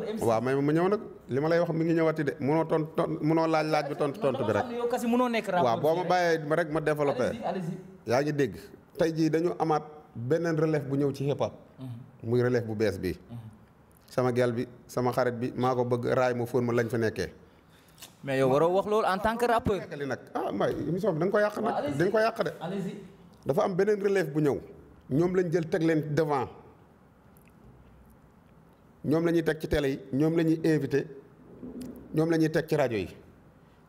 rappeur MC. waaw mais ma ñëw nag li ma lay wax mi ngi ñëwaati de mënoo tontu tontu mënoo laaj laaj bi tontu tontu bi rek. yow kasi mënoo nekk rappeur waaw boo ma bàyyee rek ma développé. yaa ngi dégg tey jii dañu amaat beneen relève bu ñëw ci hip hop. Mhm. muy relève bu bees bi mhm. sama gel bi sama xarit bi maa ko bëgg raay ma fóon ma lañ fa nekkee. mais yow waroo wax loolu en tant que rappeur. li nag ah may émission bi danga nga ko yàq nag da ko yàq de. dafa am beneen relève bu ñëw ñoom lañ jël teg leen devant ñoom la ñuy teg ci télé yi ñoom la ñuy invité ñoom la ñuy teg ci rajo yi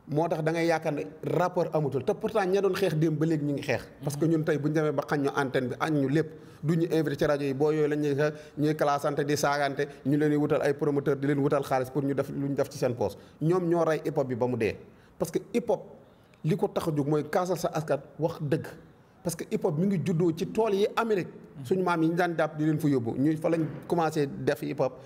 moo tax da ngay yaakaar ne rapport amatul te pourtant ña doon xeex démb ba léegi ñu ngi xeex. parce que ñun tey bu ñu demee ba xañ ñu antenne bi añ ñu lépp du ñu invité ci rajo yi boo yooyu la ñuy ñuy classante di saagante ñu leen di wutal ay promoteur di leen wutal xaalis pour ñu def lu ñu def ci seen poos ñoom ñoo rey hip hop bi ba mu dee parce que hip li ko tax a jóg mooy kaasal sa askan wax dëgg. parce que hip hop mi ngi juddoo ci tool yi Amérique. suñu maam yi ñu daan jàpp di leen fa yóbbu ñu fa lañ commencé def hip hop.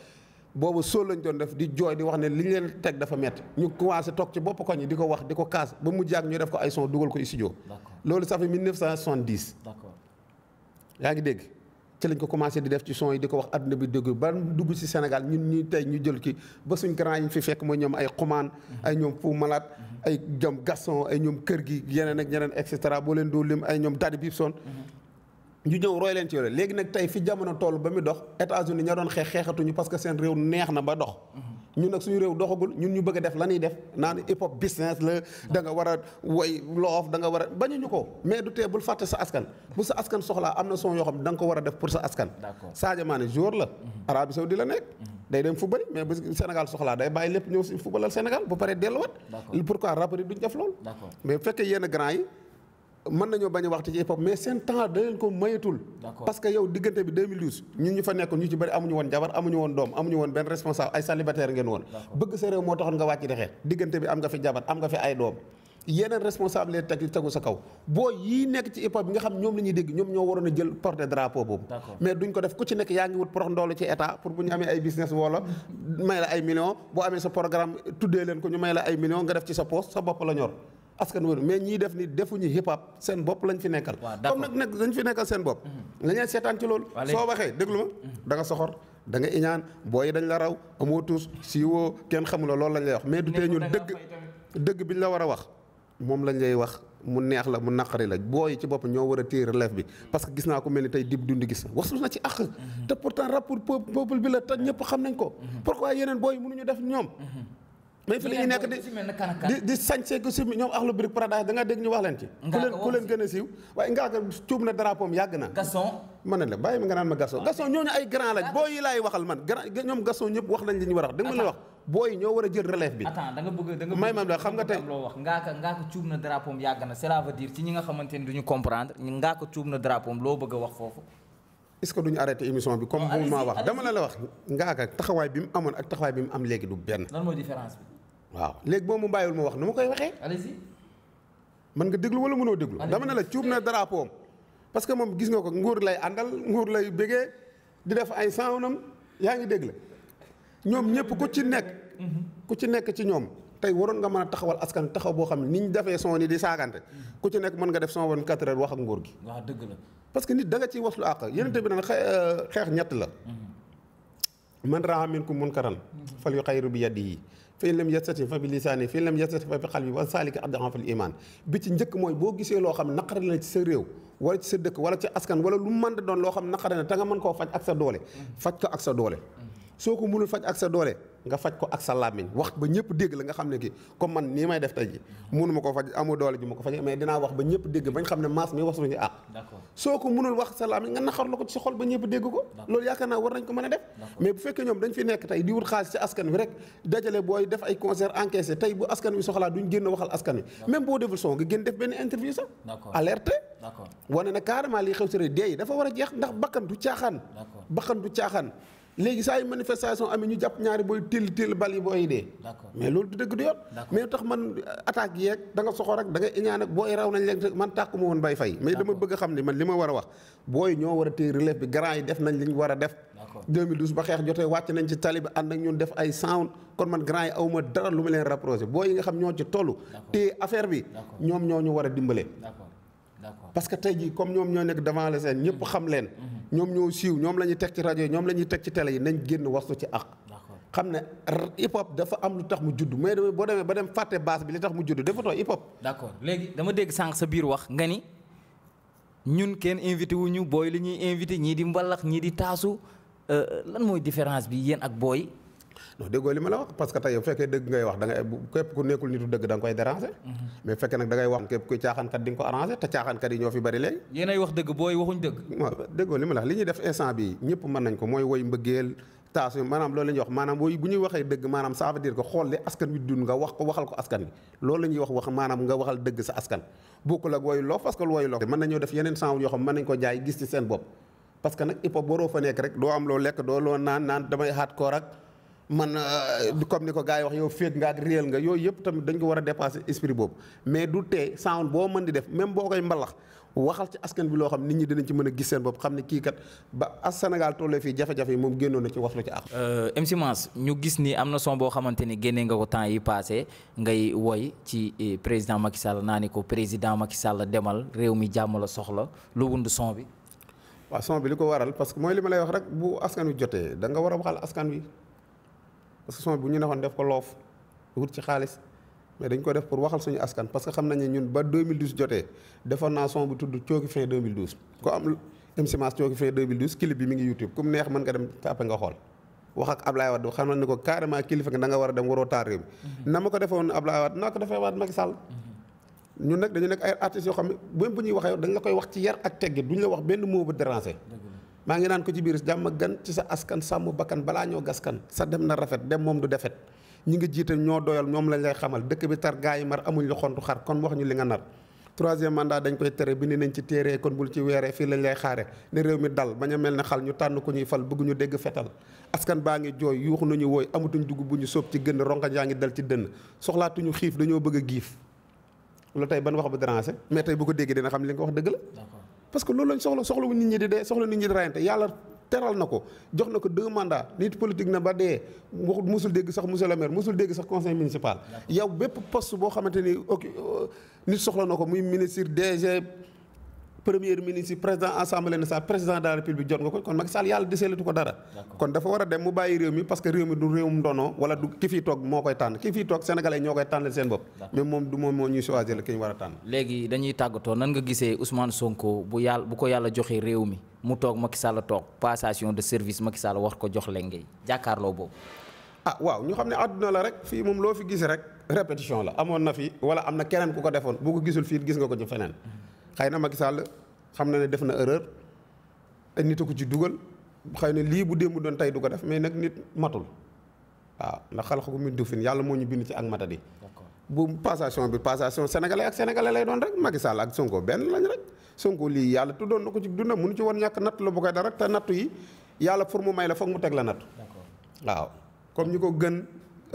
boobu soo lañ doon def di jooy di wax ne li ñu leen teg dafa métti ñu commencé toog ci bopp ko ñi di ko wax di ko kaas ba mu jàgg ñu def ko ay son dugal ko studio. loolu ça fait 1970. d'accord yaa ngi dégg. ci lañ ko commencé di def ci son yi di ko wax adduna bi dégg ba dugg si Sénégal ñun ñu tey ñu jël ki ba suñ grand yi fi fekk mooy ñoom ay xumaan ay ñoom Fou malaat ay jom Gaston ay ñoom kër gi yeneen ak yeneen et cetera boo leen doo lim ay ñoom Daddy Bibson ñu ñëw roy leen ci yore léegi nag tey fi jamono tool ba mu dox États-Unis ña doon xeex xeexatuñu parce que seen réew neex na ba dox ñun nag suñu réew doxagul ñun ñu bëgg a def la ñuy def naan hip hop business la da nga war a woy loof da nga war a bañuñu ko mais du teebul bul fàtte sa askan pour sa askan soxla am na son yoo xam ne da nga ko war def pour sa askan Sadio Mané joueur la mhm. Arabie Saoudi la nekk mhm. day dem football mais bu Sénégal soxlaa day bàyyi lépp ñëw si footballal Sénégal bu paree delluwaat pourquoi rappeur yi duñ def loolu mais bu fekkee yenn grand yi mën nañoo bañ a waxtu ci hip hop mais seen temps da leen ko mayetul parce que yow diggante bi 2012 ñun ñu fa nekkoon ñu ci bëri amuñu woon jabar amuñu woon doom amuñu woon benn responsable ay célibataire ngeen woon bëgg sa réew moo taxoon nga wàcc dexee diggante bi am nga fi jabar am nga fi ay doom yeneen responsable tegu sa kaw boo yii nekk ci hip hop bi nga xam ñoom la dégg ñoom ñoo waroon a jël porte drapeau boobu mais duñ ko def ku ci nekk yaa ngi wut prox ndoolu leen ko ñu may ay millions nga def ci sa poste sa bopp la ñor askan wër mais ñii def ni defuñu hip hop seen bopp lañ fi nekkal. comme nag nag dañ fi nekkal seen bopp. la mhm. ñuy seetaan ci loolu. soo waxee déglu ma mhm. da nga soxor. da nga iñaan booy dañ la raw amoo tuus siiwoo kenn xamuloo loolu lañ lay wax mais du tee ñun dëgg dëgg bi ñu la war a wax moom lañ lay wax mu neex la mu naqari la booy ci bopp ñoo war a téye relève bi parce que gis naa ko mel ni tey dib dund gis wasul na ci àq mhm. te pourtant rapport peuple bi la te ñëpp xam nañ ko pourquoi yeneen booy mënuñu def ñoom mais fi la wax leen a siiw na drapeau am yàgg na Gaston ma ne la bàyyi ma nga naan ma Gaston Gaston ñooñu ay grand lañ boo yi laay waxal a a jël may la xam nga tey loo ko cuub na drapeau am yàgg na cela veut dire ci ñi nga xamante ni duñu comprendre ngaa ko cuub na drapeau am loo bëgg a wax foofu est-ce que duñu arrêté émission bi comme bu ma wax dama la wax ngaa ka taxawaay bi mu amoon ak taxawaay bi mu am léegi du benn waaw léegi boo mu bàyyiwul ma wax nu ma koy waxee. allez mën nga déglu wala mënoo déglu. dama ne la cuub na drapeau am parce que moom gis nga ko nguur lay àndal nguur lay bégee di def ay sanam yaa ngi dégg ñoom ñëpp ku ci nekk. ku ci nekk ci ñoom. tey waroon nga mën a taxawal askan taxaw boo xam ne ni ñu defee son yi di saagante ku ci nekk mën nga def son woon quatre heures wax ak nguur gi. waaw dëgg la parce que nit da nga ciy waslu àq yeneen bi naan euh, xeex ñett la. Mhm. man raa minkum munkaran mhm. fal yuxayyiru bi yadihi fa in lam yastati fa bi lisaani fa in lam yastati fa bi qalbi wa saalika ad'aful iman bi ci njëkk mooy boo gisee loo xam naqari la ci sa réew wala ci sa dëkk wala ci askan wala lu mën doon loo xam naqari na te nga koo faj ak sa doole faj ko ak sa doole soo ko mënul faj ak sa doole nga faj ko ak sa làmmiñ wax ba ñëpp dégg la nga xam ne kii comme man nii may def tey ji mënu ma ko faj amu doole ji ma ko faj mais dinaa wax ba ñëpp dégg bañ xam ne maas mi wasuñu àq ah. soo ko mënul wax sa làmmiñ nga naxar la ko ci xol ba ñëpp dégg ko loolu yaakaar naa war nañ ko mën a def mais bu nekk tey di xaalis ci askan wi rek dajale booy def ay concert encaissé tey bu askan wi soxlaa duñ génn waxal askan wi même boo deful son nga génn def benn interview sax alerte wane na carrément lii xew si réew dee yi dafa war a jeex ndax bakkan du caaxaan bakkan du caaxaan léegi saa yu manifestation amee ñu jàpp ñaari booy til til bal yi booy dee. mais loolu du dëgg du yoon. mais tax man euh, attaque yeeg da nga soxor ak da nga iñaan ak booy raw nañ leen man tàkkuma woon bay fay. mais dama bëgg a xam ne man li ma war a wax booy ñoo war a téye relève bi grand yi def nañ li ñu war a def. 2012 ba xeex jotee wàcc nañ ci tali bi ànd ak ñun def ay sound kon man grand yi awma dara lu ma leen rapproché booy yi nga xam ñoo ci toll. téye affaire bi. ñoom ñoo ñu war dimbale. parce que tey jii comme ñoom ñoo nekk devant la scène ñëpp mm-hmm. xam leen mm-hmm. ñoom ñoo siiw ñoom la ñuy teg ci rajo yi ñoom lañuy teg ci télé yi nañ génn wax ci àq. xam ne hip hop dafa am lu tax mu judd mais boo demee ba dem fàtte base bi li tax mu judd defatoo hip hop. d'accord léegi dama dégg sànq sa biir wax nga ni ñun kenn invité wu ñu booy li ñuy invité ñii di mbalax ñii di taasu euh, lan mooy différence bi yéen ak booy. non déggoo li ma la wax parce que tey bu fekkee dëgg ngay wax da ngay képp ku nekkul nitu dëgg da nga koy déranger mm-hmm. mais fekkee nag da wax képp kuy caaxaankat di ko arranger te caaxaankat yi ñoo fi bari léegi yéenay wax dëgg booy waxuñ ko xool li askan wi dund nga wax ko waxal ko askan wi loolu la wax wax maanaam nga waxal dëgg sa askan bokkul ak woyu loof parce que woyu loof mën nañoo def yeneen sens yoo xam nañ ko jaay gis ci seen bopp parce que man euh, comme ni ko gars yi wax yow féeg nga ak réel nga yooyu yëpp tamit dañ ko war a dépasser esprit boobu mais du tee sound boo mën di def même boo koy mbalax waxal ci askan bi loo xam nit ñi dinañ ci mën a gis seen bopp xam ne kii kat ba as Sénégal tollee fii moom génnoon na ci wax lu ci ak euh, MC ñu gis ni am na son boo xamante ni génnee nga ko temps yi paase ngay woy ci eh, président Macky Sall naa ni ko président Macky Sall demal réew mi jàmm la soxla lu wund son bi. waaw son bi li ko waral parce que mooy li ma lay wax rek bu askan wi jotee da nga war a waxal askan wi. parce que son bu ñu neexoon def ko loof wut ci xaalis mais dañ ko def pour waxal suñu askan parce xam nañ ñun ba 2012 jotee defoon son bu tudd cooki fin 2012. ko am MCMAS cooki fin bi mi ngi YouTube ku neex mën nga dem tàppe nga xool wax ak Ablaye Wade xam ne ko carrément kilifa nga da war a dem waroo taar réew mi. Mm-hmm. na ma ko defoon Ablaye Wade naa ko defee waat Macky Sall. Mm-hmm. ñun dañu nekk ay artistes yoo xam ne même bu ñuy waxee dañ maa ngi naan ko ci biir jàmm gan ci sa askan sàmm bakkan balaa ñoo gaskan sa dem na rafet dem moom du defet ñi ngi jiite ñoo doyal ñoom lañ lay xamal dëkk bi tar gaa yi mar amuñ lu xontu xar kon wax ñu li nga nar troisième mandat dañ koy tere bind nañ ci téere kon bul ci weeree fii lañ lay xaare ne réew mi dal bañ a mel ne xal ñu tànn ko ñuy fal bëgg ñu dégg fetal askan baa ngi jooy yuux nañu wooy amatuñ dugub bu ñu soob ci gënn rongañ yaa ngi dal ci dënn soxlaatuñu xiif dañoo bëgg a giif lu tey ban wax bu déranger mais tey bu ko déggee dina xam li nga wax dëgg la parce que loolu lañ soxla soxla wu nit ñi di dee soxla nit ñi di rayante yàlla teral na ko jox na ko deux mandats nit politique na ba dee waxut musul dégg sax monsieur le maire musul dégg sax conseil municipal yow bépp post boo xamante ni ok euh, nit soxla na ko muy ministre DG premier ministre président assemblée nationale président de la république jot nga ko kon Macky Sall yàlla deseelatu ko dara. kon dafa war a dem mu bàyyi réew mi parce que réew mi du réewum ndono wala du ki fi toog moo koy tànn ki fi toog sénégalais ñoo koy tànnal seen bopp. a tànn. léegi dañuy tàggatoo nan nga gisee Ousmane Sonko bu yàlla bu ko yàlla joxee réew mi mu toog Macky la toog passation de service Macky Sall war ko jox lenge jàkkaarloo boobu. ah waaw ñu xa ne àdduna la rek fii moom loo fi gis rek répétition la amoon na fi wala am na keneen ku ko defoon bu ko gisul fii gis nga ko ci feneen mm-hmm. xëy na Macky xam na ne def na erreur a nit a ci dugal xëy na lii bu démb doon tey du ko def mais nag nit matul waaw ndax xalxu min dufin yàlla moo ñu bind ci ak matadi. bu passation bi passation sénégalais ak sénégalais lay doon rek Macky Sall ak Sonko benn lañ rek Sonko lii yàlla tuddoon na ko ci dundam mënu ci woon ñàkk natt la bu koy dara te nattu yi yàlla pour mu may la foog mu teg la nattu. waaw comme ñi ko gën.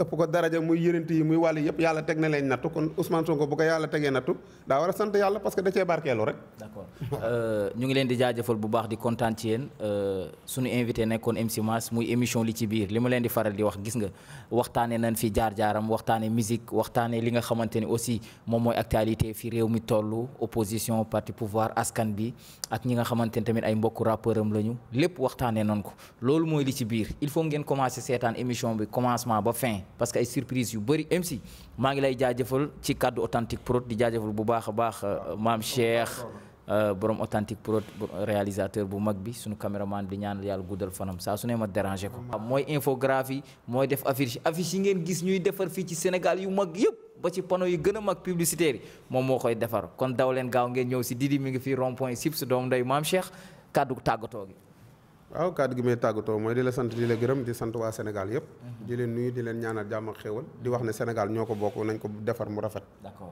ëpp ko daraja muy yërënt yi muy wàll yëpp yàlla teg na leen nattu kon Ousmane Sonko bu ko yàlla tegee nattu daa war a sant yàlla parce que da cee barkeelu rek. d'accord euh, ñu ngi leen di jaajëfal bu baax di kontaan ci yéen euh, suñu invité nekkoon MC Mass muy émission li ci biir li ma leen di faral di wax gis nga waxtaanee nañ fi jaar-jaaram waxtaanee musique waxtaanee li nga xamante ni aussi moom mooy actualité fi réew mi toll opposition parti pouvoir askan bi ak ñi nga xamante ni tamit ay mbokku rappeur am lañu lépp waxtaanee nañ ko loolu mooy li ci biir il faut ngeen commencer seetaan bi commencement ba fin. parce que ay surprise yu bëri MC maa ngi lay jaajëfal ci kàddu authentique prod di jaajëfal bu baax a baax euh, maam Cheikh euh, borom authentique prod réalisateur bu mag bi suñu caméraman di ñaan yàlla guddal fanam saa su ne ma dérangé ko. mooy infographie mooy def affiche affiche yi ngeen gis ñuy defar fii ci Sénégal yu mag yëpp. ba ci panneau yu gën a mag publicitaire moom moo koy defar kon daw leen gaaw ngeen ñëw si Didi mi ngi fii rond point sib si doom maam Cheikh kàddu tàggatoo gi waaw kàddu gi may tàggatoo mooy di la sant di la gërëm di sant waa Sénégal yëpp. Mhm. di leen nuyu di leen ñaanal jàmm ak di wax ne Sénégal ñoo ko bokk nañ ko defar mu rafet. d'accord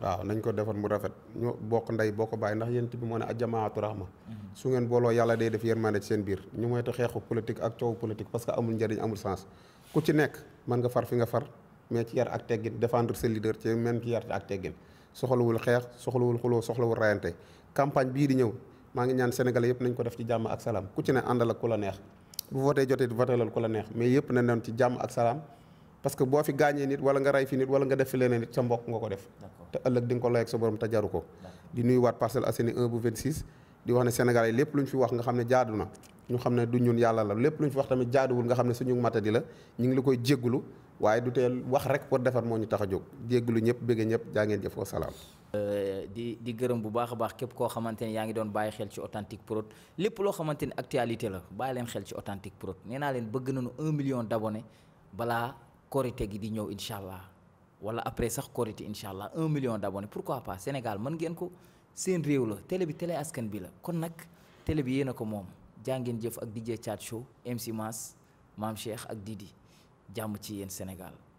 waaw nañ ko defar mu rafet ñoo bokk ndey boo ko bàyyi ndax yéen bi moo ne rax ma mhm. su ngeen booloo yàlla dee def yërmande ci seen biir ñu moytu xeexu politique ak coowu politique parce que amul njëriñ amul sens ku ci nekk mën nga far fi nga far mais ci yar ak teggin défendre sa leader ci même ci yar ak teggin soxlawul xeex soxlawul xuloo soxlawul rayante campagne bii di ñëw maa ngi ñaan sénégalais yëpp nañ ko def ci jàmm ak salaam ku ci ne àndal ku la neex bu voté jotee votelal ku la neex mais yëpp na doon ci jàmm ak salaam parce boo fi gaañee nit wala nga rey fi nit wala nga def fi leneen nit sa mbokk nga ko def te ëllëg di nga ko lay ak sa borom te jaru ko di nuyu waat Parcelles Assainies 1 bu 26 di wax ne sénégalais lépp lu fi wax nga xam ne jaadu ñu xam ne du ñun yàlla la lépp lu ñu fi wax tamit jaaduwul nga xam ne suñu matadi la ñu ngi la koy jéggulu waaye du teel wax rek pour defar moo ñu tax a jóg jéggulu ñëpp bëgg ñëpp jaa ngeen jëf wa salaam. Euh, di di gërëm bu baax a baax képp koo xamante ne yaa ngi doon bàyyi xel ci authentique prod lépp loo xamante ne actualité la bàyyi leen xel ci authentique prod nee naa leen bëgg nañu un million d'abonnés balaa korite gi di ñëw incha allah wala après sax korite incha allah un million d'abonnés pourquoi pas Sénégal mën ngeen ko seen réew la télé bi askan bi la kon nag télé bi yéen ko moom. jàngeen jëf ak DJ Chat Show MC Mass Cheikh ak Didi jàmm ci yéen Sénégal